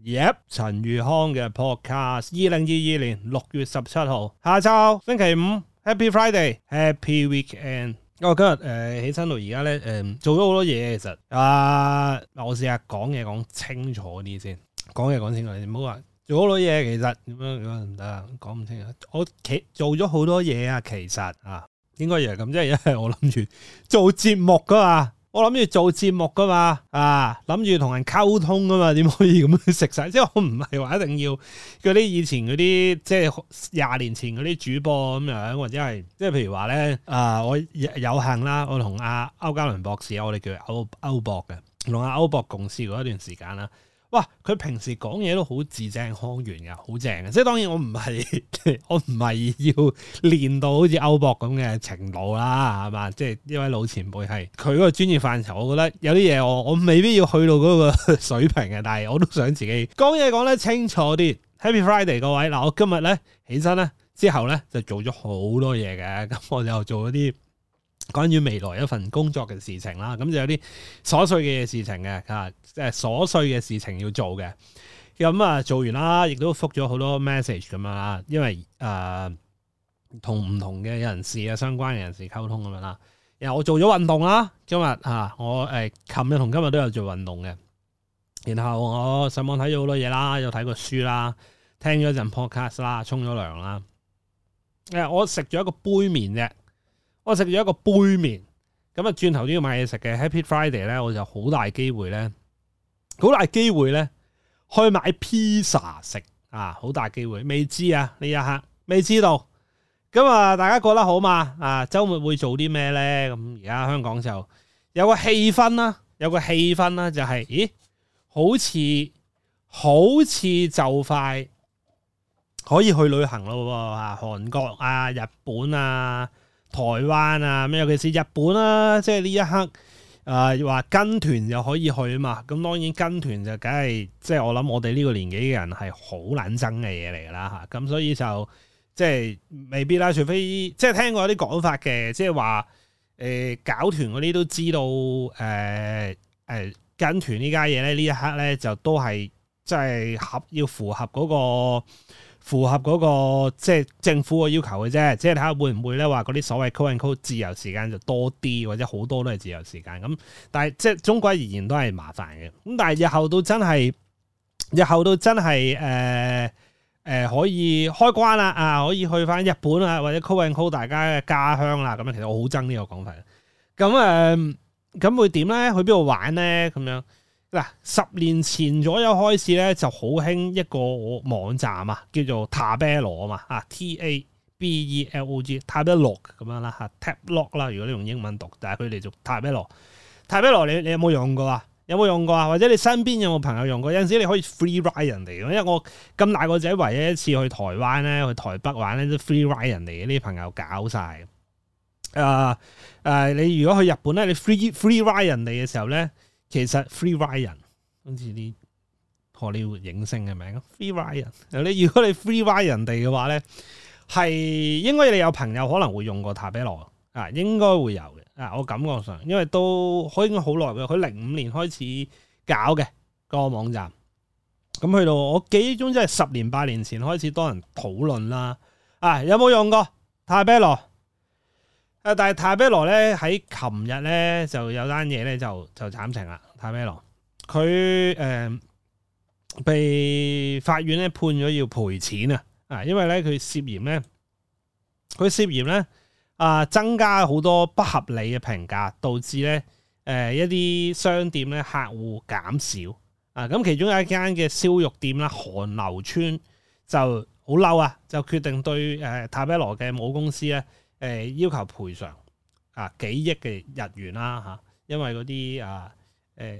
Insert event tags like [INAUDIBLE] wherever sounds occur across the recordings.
Yep，陳宇康嘅 podcast，二零二二年六月十七號下晝星期五，Happy Friday，Happy Weekend，oh 呃。因為我今日誒起身到而家咧，誒、呃、做咗好多嘢其實啊，嗱，我試下講嘢講清楚啲先，講嘢講清楚，你唔好話做好多嘢其實點樣點樣唔得，講唔清楚。我其做咗好多嘢啊，其實啊，應該又係咁，即係因為我諗住做節目噶嘛。我諗住做節目噶嘛，啊諗住同人溝通噶嘛，點可以咁樣食晒？即係我唔係話一定要嗰啲以前嗰啲，即係廿年前嗰啲主播咁樣，或者係即係譬如話咧，啊我有幸啦，我同阿歐嘉倫博士啊，我哋叫歐歐博嘅，同阿歐博共事嗰一段時間啦。哇！佢平時講嘢都好字正腔圓嘅，好正嘅。即係當然我唔係， [LAUGHS] 我唔係要練到好似歐博咁嘅程度啦，係嘛？即係呢位老前輩係佢嗰個專業範疇，我覺得有啲嘢我我未必要去到嗰個水平嘅，但係我都想自己講嘢講得清楚啲。 [LAUGHS] Happy Friday，各位嗱，我今日咧起身咧之後咧就做咗好多嘢嘅，咁我就做咗啲。關於未來一份工作嘅事情啦，咁就有啲瑣碎嘅事情嘅，啊，即係瑣碎嘅事情要做嘅。咁啊，做完啦，亦都覆咗好多 message 咁樣啦，因為誒、啊、同唔同嘅人士啊，相關嘅人士溝通咁樣啦。然後我做咗運動啦，今日嚇、啊、我誒琴日同今日都有做運動嘅。然後我上網睇咗好多嘢啦，又睇過書啦，聽咗陣 podcast 啦，沖咗涼啦。誒，我食咗一個杯麵啫。我食咗一個杯麵，咁啊轉頭都要買嘢食嘅 Happy Friday 咧，我就好大機會咧，好大機會咧去買披薩食啊！好大機會，未知啊呢一刻，未知道。咁啊！大家覺得好嘛？啊，周末會做啲咩咧？咁而家香港就有個氣氛啦，有個氣氛啦，就是，就係咦，好似好似就快可以去旅行咯喎！啊，韓國啊，日本啊。台灣啊，咩？尤其是日本啦、啊，即係呢一刻，誒、呃、話跟團就可以去啊嘛。咁當然跟團就梗係，即、就、係、是、我諗我哋呢個年紀嘅人係好懶憎嘅嘢嚟㗎啦嚇。咁所以就即係未必啦，除非即係聽過啲講法嘅，即係話誒搞團嗰啲都知道誒誒、呃、跟團家呢家嘢咧，呢一刻咧就都係即係合要符合嗰、那個。符合嗰、那個即係政府嘅要求嘅啫，即係睇下會唔會咧話嗰啲所謂 call in call 自由時間就多啲，或者好多都係自由時間咁。但係即係總歸而言都係麻煩嘅。咁但係日後到真係，日後到真係誒誒可以開關啦啊，可以去翻日本啊或者 call in call 大家嘅家鄉啦。咁啊，其實我好憎呢個講法。咁誒，咁、呃、會點咧？去邊度玩咧？咁樣。嗱，十年前左右開始咧，就好興一個網站啊，叫做 Tabelog 啊嘛，啊 T A B E L O G，Tabelog 咁樣啦，嚇 Tabelog 啦，如果你用英文讀，但係佢哋做 Tabelo，Tabelo 你你有冇用過啊？有冇用過啊？或者你身邊有冇朋友用過？有陣時你可以 free ride 人哋，因為我咁大個仔唯一一次去台灣咧，去台北玩咧都 free ride 人哋啲朋友搞晒。誒、呃、誒、呃，你如果去日本咧，你 free free ride 人哋嘅時候咧。其實 free rider 好似啲荷里活影星嘅名 free rider。你如果你 free rider 人哋嘅話咧，係應該你有朋友可能會用過 Tabelog 啊，應該會有嘅。啊，我感覺上，因為都已經好耐嘅，佢零五年開始搞嘅，那個網站，咁去到我記憶中，真係十年八年前開始多人討論啦。啊，有冇用過 Tabelog？啊！但係泰比羅咧喺琴日咧就有單嘢咧就就慘情啦！泰比羅佢誒被法院咧判咗要賠錢啊！啊，因為咧佢涉嫌咧佢涉嫌咧啊、呃、增加好多不合理嘅評價，導致咧誒、呃、一啲商店咧客戶減少啊！咁其中有一間嘅燒肉店啦，韓流村就好嬲啊，就決定對誒泰比羅嘅母公司咧。誒、呃，要求賠償啊，幾億嘅日元啦吓、啊，因為嗰啲啊，誒、呃，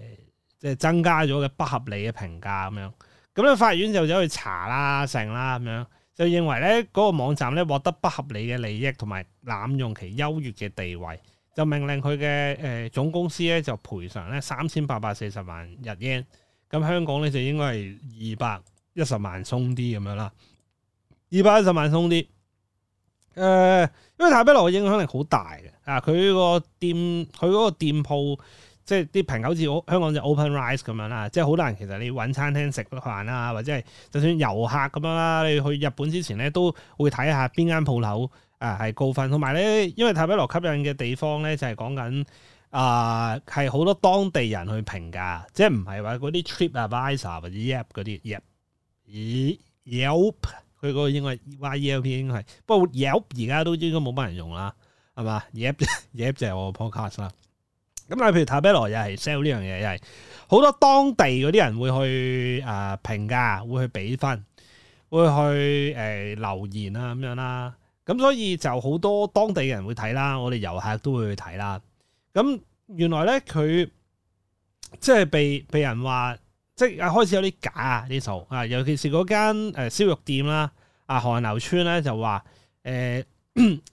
即係增加咗嘅不合理嘅評價咁樣，咁咧法院就走去查啦、啊、成啦咁樣，樣，就認為咧嗰、那個網站咧獲得不合理嘅利益同埋濫用其優越嘅地位，就命令佢嘅誒總公司咧就賠償咧三千八百四十萬日元，咁香港咧就應該係二百一十萬鬆啲咁樣啦，二百一十萬鬆啲。誒、呃，因為 Tabelog 嘅影響力好大嘅，啊，佢個店佢嗰個店鋪，即係啲評價好似香港就 Open Rice 咁樣啦，即係好難。其實你揾餐廳食飯啦，或者係就算遊客咁樣啦，你去日本之前咧，都會睇下邊間鋪頭啊係高分。同埋咧，因為 Tabelog 吸引嘅地方咧，就係、是、講緊啊係好多當地人去評價，即係唔係話嗰啲 Trip Advisor 嗰啲 Yelp 嗰啲 app 佢嗰個應該係 Yelp 應該係，不過 Yelp 而家都應該冇乜人用啦，係嘛？Yelp [LAUGHS] Yelp 就係我個 podcast 啦。咁例如 Tabelog 又係 sell 呢樣嘢，又係好多當地嗰啲人會去啊、呃、評價，會去俾分，會去誒、呃、留言啦咁樣啦。咁所以就好多當地人會睇啦，我哋遊客都會去睇啦。咁原來咧佢即係被被人話。即係開始有啲假啊呢套啊，尤其是嗰間誒、呃、燒肉店啦，啊韓流村咧就話誒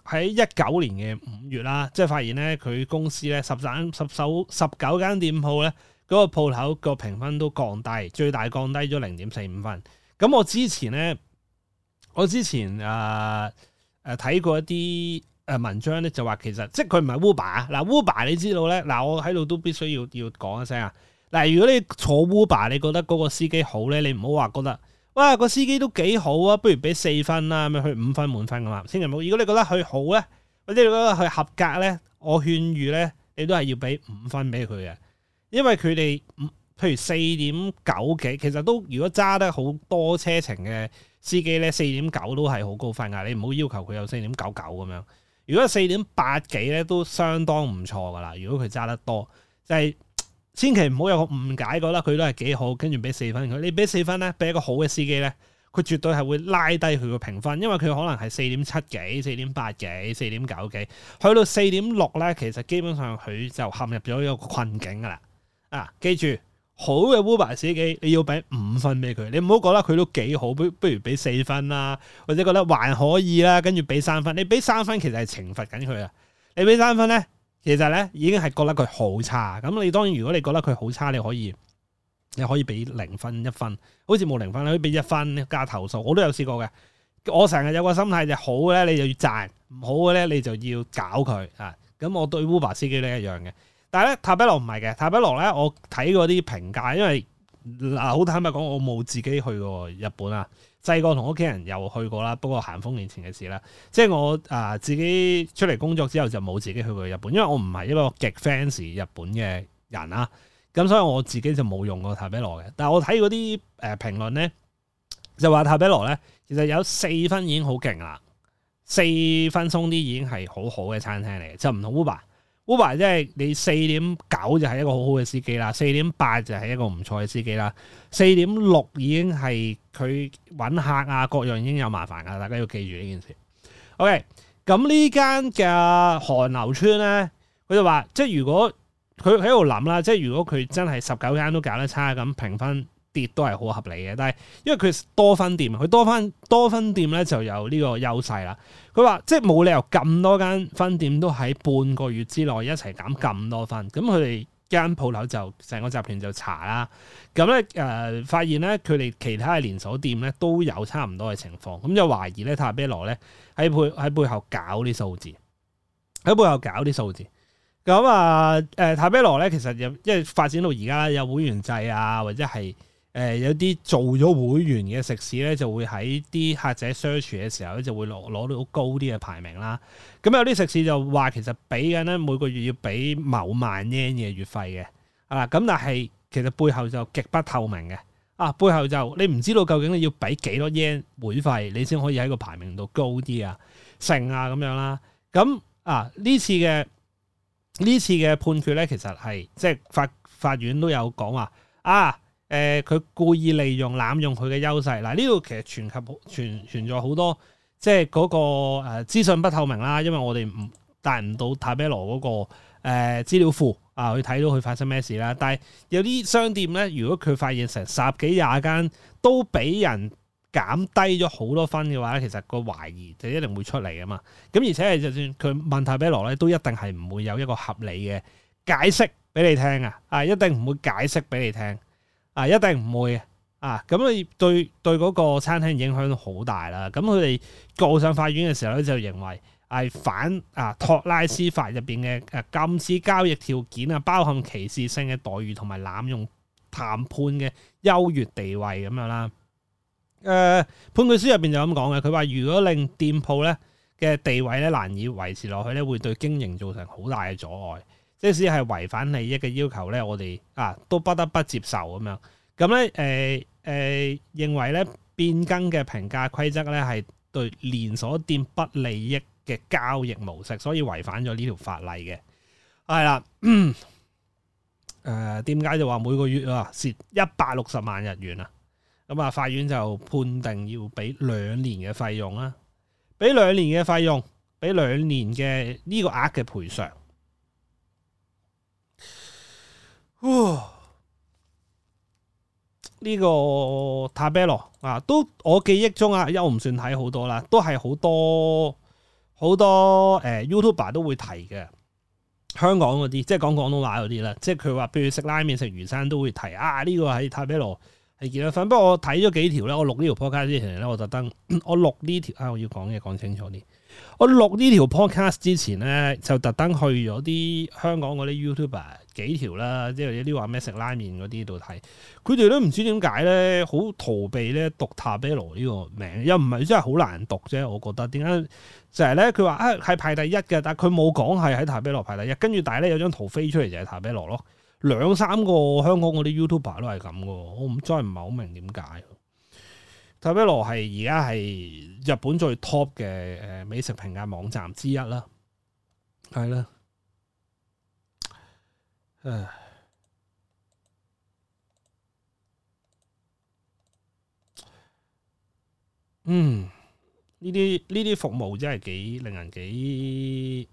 喺一九年嘅五月啦，即係發現咧佢公司咧十間十手十,十,十九間店鋪咧嗰、嗰個鋪頭個評分都降低，最大降低咗零點四五分。咁我之前咧，我之前啊誒睇過一啲誒文章咧，就話其實即係佢唔係 Uber 嗱、呃、Uber、呃、你知道咧，嗱、呃、我喺度都必須要要講一聲啊。但係如果你坐 Uber，你覺得嗰個司機好咧，你唔好話覺得哇、嗰個司機都幾好啊，不如俾四分啦，咁樣去五分滿分咁嘛。」千祈唔好。如果你覺得佢好咧，或者你覺得佢合格咧，我勸喻咧，你都係要俾五分俾佢嘅，因為佢哋譬如四點九幾，其實都如果揸得好多車程嘅司機咧，四點九都係好高分噶。你唔好要，要求佢有四點九九咁樣。如果四點八幾咧，都相當唔錯噶啦。如果佢揸得多，即係。千祈唔好有個誤解，覺得佢都係幾好，跟住俾四分佢。你俾四分咧，俾一個好嘅司機咧，佢絕對係會拉低佢個評分，因為佢可能係四點七幾、四點八幾、四點九幾，去到四點六咧，其實基本上佢就陷入咗一個困境噶啦。啊，記住，好嘅 Uber 司機你要俾五分俾佢，你唔好覺得佢都幾好，不不如俾四分啦，或者覺得還可以啦，跟住俾三分，你俾三分其實係懲罰緊佢啊，你俾三分咧，其實咧已經係覺得佢好差，咁你當然如果你覺得佢好差，你可以你可以俾零分一分，好似冇零分你可以俾一分加投訴。我都有試過嘅，我成日有個心態就係、好嘅咧，你就要讚；唔好嘅咧，你就要搞佢啊。咁、嗯、我對 Uber 司機咧一樣嘅，但係咧塔比羅唔係嘅，塔比羅咧我睇嗰啲評價，因為嗱好坦白講，我冇自己去過日本啊。細個同屋企人又去過啦，不過咸豐年前嘅事啦，即係我啊、呃、自己出嚟工作之後就冇自己去過日本，因為我唔係一個極 fans 日本嘅人啦，咁所以我自己就冇用過 Tabelog 嘅。但係我睇嗰啲誒評論咧，就話 Tabelog 咧其實有四分已經好勁啦，四分鬆啲已經係好好嘅餐廳嚟嘅，就唔同 Uber。Uber 即係你四點九就係一個好好嘅司機啦，四點八就係一個唔錯嘅司機啦，四點六已經係佢揾客啊，各樣已經有麻煩噶，大家要記住呢件事。OK，咁呢間嘅韓流村呢，佢就話即係如果佢喺度諗啦，即係如果佢真係十九間都搞得差，咁評分。跌都係好合理嘅，但係因為佢多分店，佢多分多分店咧就有呢個優勢啦。佢話即係冇理由咁多間分店都喺半個月之內一齊減咁多分，咁佢哋間鋪頭就成個集團就查啦。咁咧誒，發現咧佢哋其他嘅連鎖店咧都有差唔多嘅情況，咁、嗯、就懷疑咧，塔比羅咧喺背喺背後搞啲數字，喺背後搞啲數字。咁啊誒，塔比羅咧其實有因為發展到而家有會員制啊，或者係。誒、呃、有啲做咗會員嘅食肆咧，就會喺啲客仔 search 嘅時候咧，就會攞攞到高啲嘅排名啦。咁、嗯、有啲食肆就話其實俾緊咧，每個月要俾某萬 yen 嘅月費嘅，啊咁，但係其實背後就極不透明嘅。啊，背後就你唔知道究竟你要俾幾多 yen 會費，你先可以喺個排名度高啲啊、成啊咁樣啦。咁啊呢次嘅呢次嘅判決咧，其實係即係法法院都有講話啊。誒，佢、呃、故意利用濫用佢嘅優勢嗱，呢、呃、度其實全及存存在好多即係嗰、那個誒、呃、資訊不透明啦，因為我哋唔帶唔到 Tabelog 嗰個誒、呃、資料庫啊、呃，去睇到佢發生咩事啦。但係有啲商店咧，如果佢發現成十幾廿間都俾人減低咗好多分嘅話咧，其實個懷疑就一定會出嚟㗎嘛。咁而且係就算佢問 Tabelog 咧，都一定係唔會有一個合理嘅解釋俾你聽啊，啊、呃、一定唔會解釋俾你聽。啊，一定唔會啊，咁你對對嗰個餐廳影響好大啦。咁佢哋告上法院嘅時候咧，就認為係反啊托拉斯法入邊嘅誒禁止交易條件啊，包含歧視性嘅待遇同埋濫用談判嘅優越地位咁樣啦。誒、呃、判決書入邊就咁講嘅，佢話如果令店鋪咧嘅地位咧難以維持落去咧，會對經營造成好大嘅阻礙。即使係違反利益嘅要求咧，我哋啊都不得不接受咁樣。咁咧，誒、呃、誒、呃，認為咧變更嘅評價規則咧係對連鎖店不利益嘅交易模式，所以違反咗呢條法例嘅。係、啊、啦，誒，點解、呃、就話每個月啊蝕一百六十萬日元啊？咁啊，法院就判定要俾兩年嘅費用啊，俾兩年嘅費用，俾兩年嘅呢個額嘅賠償。哇！呢、這個 Tabelog 啊，都我記憶中啊，又唔算睇好多啦，都係好多好多誒、呃、YouTuber 啊都會提嘅。香港嗰啲即係講廣東話嗰啲啦，即係佢話，譬如食拉麵、食魚生都會提啊。呢、這個係 Tabelog 係幾多分？不過我睇咗幾條咧，我錄呢條 podcast 之前咧，我特登我錄呢條啊，我要講嘢講清楚啲。我錄呢條 podcast 之前咧，就特登去咗啲香港嗰啲 YouTuber 幾條啦，即係啲話咩食拉麵嗰啲度睇，佢哋都唔知點解咧，好逃避咧讀塔比羅呢個名，又唔係真係好難讀啫。我覺得點解就係咧，佢話啊係排第一嘅，但係佢冇講係喺塔比羅排第一，跟住但係咧，有張圖飛出嚟就係塔比羅咯，兩三個香港嗰啲 YouTuber 都係咁噶，我唔真係唔係好明點解。Tabelog 係而家係日本最 top 嘅誒美食評價網站之一啦，係啦，誒，嗯，呢啲呢啲服務真係幾令人幾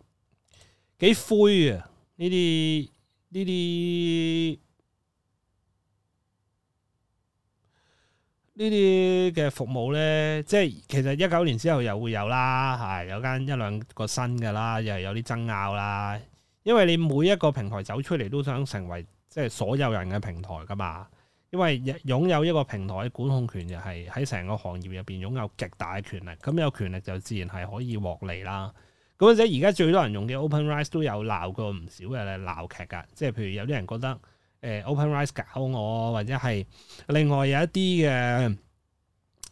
幾灰啊！呢啲呢啲。呢啲嘅服務咧，即係其實一九年之後又會有啦，係有間一兩個新嘅啦，又係有啲爭拗啦。因為你每一個平台走出嚟都想成為即係所有人嘅平台㗎嘛，因為擁有一個平台嘅管控權就係喺成個行業入邊擁有極大嘅權力，咁有權力就自然係可以獲利啦。咁而且而家最多人用嘅 OpenRice 都有鬧過唔少嘅鬧劇㗎，即係譬如有啲人覺得。誒 OpenRice 搞我，或者係另外有一啲嘅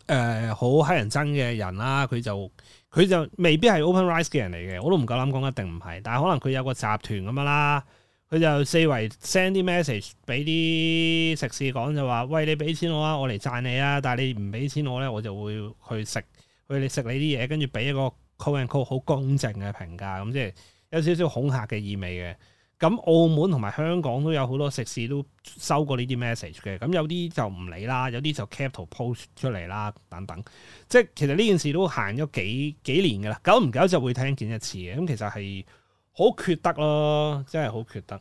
誒好乞人憎嘅人啦，佢就佢就未必係 OpenRice 嘅人嚟嘅，我都唔夠膽講一定唔係，但係可能佢有個集團咁樣啦，佢就四圍 send 啲 message 俾啲食肆講就話，喂，你俾錢我啊，我嚟讚你啊，但係你唔俾錢我咧，我就會去食，去你食你啲嘢，跟住俾一個 call and call 好公正嘅評價，咁即係有少少恐嚇嘅意味嘅。咁澳門同埋香港都有好多食肆都收過呢啲 message 嘅，咁有啲就唔理啦，有啲就 capture post 出嚟啦，等等。即係其實呢件事都行咗幾幾年噶啦，久唔久就會聽見一次嘅。咁其實係好缺德咯，真係好缺德。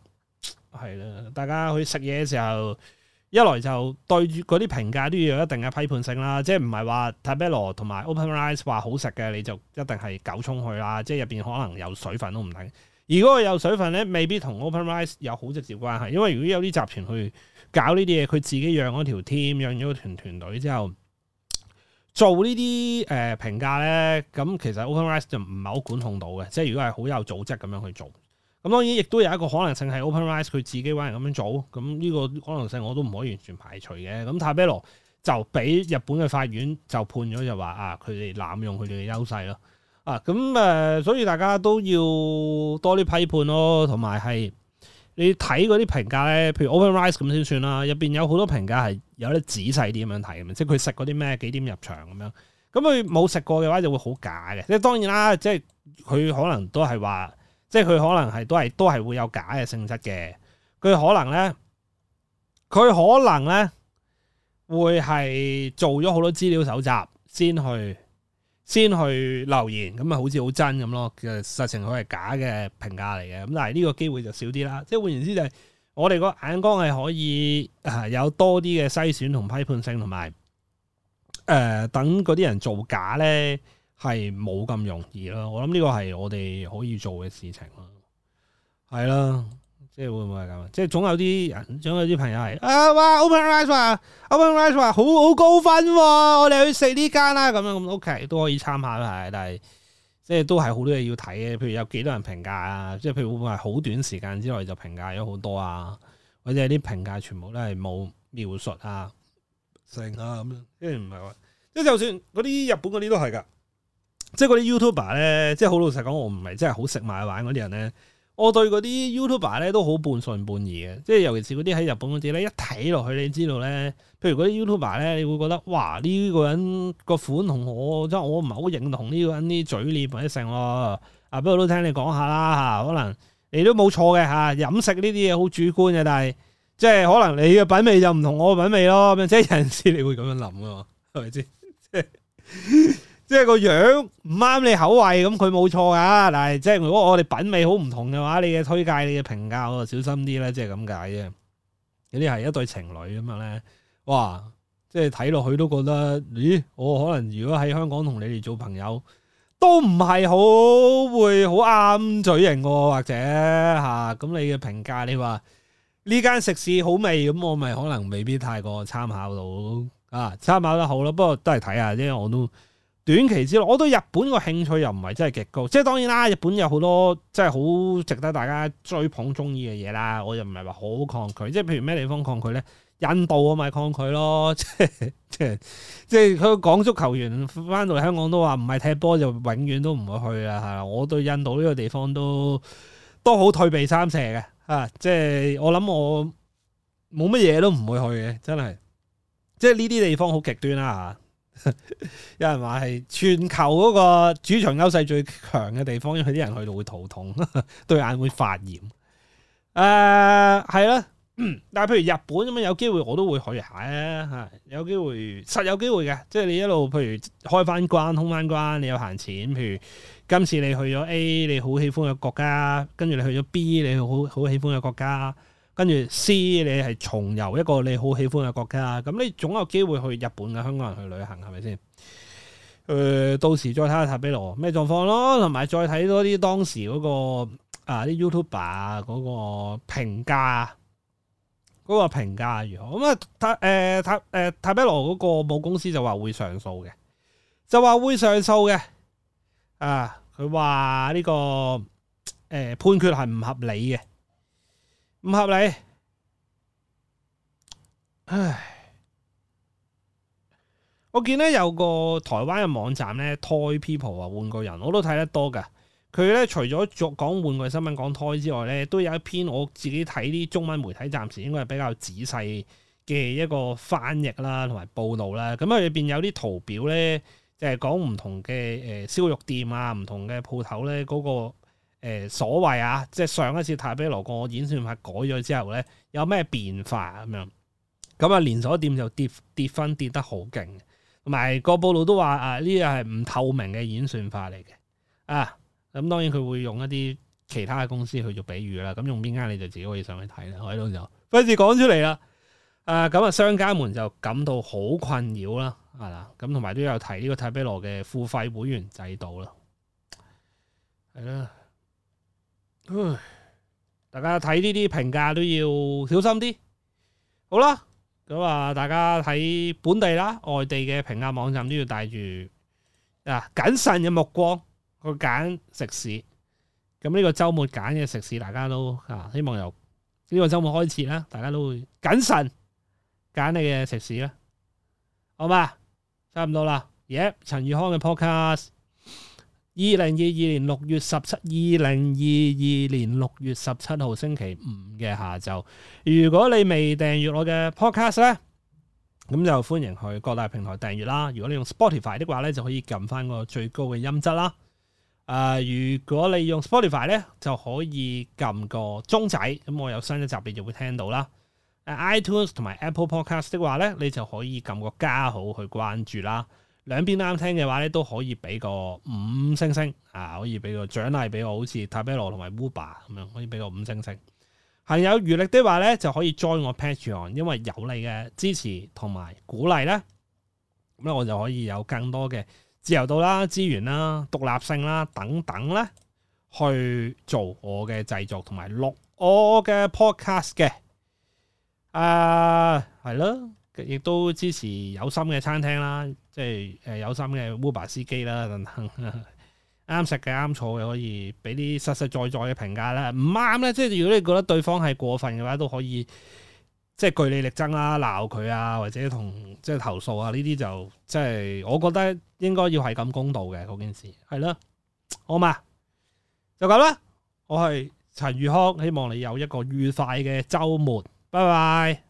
係啦，大家去食嘢嘅時候，一來就對住嗰啲評價都要有一定嘅批判性啦，即係唔係話 Tabelog 同埋 Open Rice 話好食嘅你就一定係狗衝去啦，即係入邊可能有水分都唔定。如果我有水分咧，未必同 OpenRice 有好直接關係，因為如果有啲集團去搞呢啲嘢，佢自己養咗條 team，養咗個團團隊之後做呢啲誒評價咧，咁其實 OpenRice 就唔係好管控到嘅。即係如果係好有組織咁樣去做，咁當然亦都有一個可能性係 OpenRice 佢自己揾人咁樣做，咁呢個可能性我都唔可以完全排除嘅。咁 Tabelog 就俾日本嘅法院就判咗就話啊，佢哋濫用佢哋嘅優勢咯。咁誒、啊呃，所以大家都要多啲批判咯，同埋係你睇嗰啲評價咧，譬如 OpenRice 咁先算啦。入邊有好多評價係有得仔細啲咁樣睇咁樣，即係佢食嗰啲咩幾點入場咁樣。咁佢冇食過嘅話就會好假嘅。即係當然啦，即係佢可能都係話，即係佢可能係都係都係會有假嘅性質嘅。佢可能咧，佢可能咧會係做咗好多資料搜集先去。先去留言咁啊，好似好真咁咯，其實實情佢係假嘅評價嚟嘅。咁但係呢個機會就少啲啦。即係換言之就係，我哋個眼光係可以誒、呃、有多啲嘅篩選同批判性，同埋誒等嗰啲人造假咧係冇咁容易咯。我諗呢個係我哋可以做嘅事情咯。係啦。即係會唔會係咁啊？即係總有啲人，總有啲朋友係啊！哇，OpenRice 話，OpenRice 話，好好高分，哦，我哋去食呢間啦。咁樣咁、嗯、OK，都可以參考啦。但係即係都係好多嘢要睇嘅。譬如有幾多人評價啊？即係譬如會唔會係好短時間之內就評價咗好多啊？或者係啲評價全部都係冇描述啊、成啊咁，即係唔係話，即係就算嗰啲日本嗰啲都係噶。即係嗰啲 YouTuber 咧，即係好老實講，我唔係真係好食買玩嗰啲人咧。我對嗰啲 YouTuber 咧都好半信半疑嘅，即係尤其是嗰啲喺日本嗰啲咧，一睇落去你知道咧，譬如嗰啲 YouTuber 咧，你會覺得，哇，呢個人個款同我即係我唔係好認同呢個人啲嘴臉或者性咯。啊，不過都聽你講下啦吓，可能你都冇錯嘅，吓，飲食呢啲嘢，好主觀嘅，但係即係可能你嘅品味就唔同我嘅品味咯，即係有陣時你會咁樣諗咯，係咪先？即係個樣唔啱你口味，咁佢冇錯啊。但係即係如果我哋品味好唔同嘅話，你嘅推介、你嘅評價，我就小心啲啦。即係咁解啫。有啲係一對情侶咁樣咧，哇！即係睇落去都覺得，咦？我可能如果喺香港同你哋做朋友，都唔係好會好啱嘴型，或者吓咁、啊、你嘅評價，你話呢間食肆好味，咁我咪可能未必太過參考到啊。參考得好咯，不過都係睇下啫。我都。短期之內，我對日本個興趣又唔係真係極高，即係當然啦。日本有好多即係好值得大家追捧鍾意嘅嘢啦，我又唔係話好抗拒。即係譬如咩地方抗拒咧？印度我咪抗拒咯，即係即係即係佢個港足球員返到嚟香港都話唔係踢波就永遠都唔會去啦。係啦，我對印度呢個地方都都好退避三舍嘅。我我啊，即係我諗我冇乜嘢都唔會去嘅，真係。即係呢啲地方好極端啦嚇。 [LAUGHS] 有人話係全球嗰個主場優勢最強嘅地方，因為啲人去到會肚痛， [LAUGHS] 對眼會發炎。誒、uh,，係、嗯、啦，但係譬如日本咁樣，有機會我都會去下啊。吓，有機會實有機會嘅，即係你一路譬如開翻關，通翻關，你有閒錢，譬如今次你去咗 A，你好喜歡嘅國家，跟住你去咗 B，你好好喜歡嘅國家。跟住 C，你係重遊一個你好喜歡嘅國家，咁你總有機會去日本嘅香港人去旅行，係咪先？誒、呃，到時再睇下塔比羅咩狀況咯，同埋再睇多啲當時嗰、那個啊啲 YouTuber 嗰個評價，嗰、那個評價如何？咁啊，呃、塔誒、呃、塔誒、呃塔，呃塔，呃、塔比羅嗰個母公司就話會上訴嘅，就話會上訴嘅。啊，佢話呢個誒、呃、判決係唔合理嘅。唔合理，唉！我見呢有個台灣嘅網站咧，Toy People 話玩具人，我都睇得多噶。佢咧除咗做講玩具新聞講 Toy 之外咧，都有一篇我自己睇啲中文媒體暫時應該係比較仔細嘅一個翻譯啦，同埋報道啦。咁啊，裏邊有啲圖表咧，就係講唔同嘅誒燒肉店啊，唔同嘅鋪頭咧嗰個。誒、呃，所謂啊，即係上一次泰比羅個演算法改咗之後咧，有咩變化咁、啊、樣？咁啊連鎖店就跌跌分跌得好勁，同埋個報道都話啊呢樣係唔透明嘅演算法嚟嘅啊。咁當然佢會用一啲其他嘅公司去做比喻啦。咁用邊間你就自己可以上去睇啦。我喺度就費事講出嚟啦。誒、啊，咁啊商家們就感到好困擾啦，係啦。咁同埋都有提呢個泰比羅嘅付費會員制度啦，係啦。唉，大家睇呢啲評價都要小心啲。好啦，咁啊，大家喺本地啦、外地嘅評價網站都要帶住啊謹慎嘅目光去揀食肆。咁呢個周末揀嘅食肆，大家都啊希望由呢個周末開始啦，大家都會謹慎揀你嘅食肆啦。好嘛，差唔多啦。耶，陳宇康嘅 podcast。二零二二年六月十七，二零二二年六月十七號星期五嘅下晝，如果你未訂閱我嘅 podcast 咧，咁就歡迎去各大平台訂閱啦。如果你用 Spotify 的話咧，就可以撳翻個最高嘅音質啦。誒、呃，如果你用 Spotify 咧，就可以撳個鐘仔，咁我有新一集你就會聽到啦。誒、啊、，iTunes 同埋 Apple Podcast 的話咧，你就可以撳個加號去關注啦。兩邊啱聽嘅話咧，都可以俾個五星星啊，可以俾個獎勵俾我，好似 Tabelog 同埋 Uber 咁樣，可以俾個五星星。係、啊、有餘力嘅話咧，就可以 join 我 Patreon，因為有你嘅支持同埋鼓勵咧，咁咧我就可以有更多嘅自由度啦、資源啦、獨立性啦等等咧，去做我嘅製作同埋錄我嘅 podcast 嘅。啊，係咯，亦都支持有心嘅餐廳啦。即係誒，有心嘅 Uber 司機啦，等 [LAUGHS] 等，啱食嘅，啱坐嘅，可以俾啲實實在在嘅評價啦。唔啱咧，即係如果你覺得對方係過分嘅話，都可以即係據理力爭啦，鬧佢啊，或者同即係投訴啊呢啲就即係我覺得應該要係咁公道嘅嗰件事係咯。好嘛，就咁啦。我係陳宇康，希望你有一個愉快嘅周末。拜拜。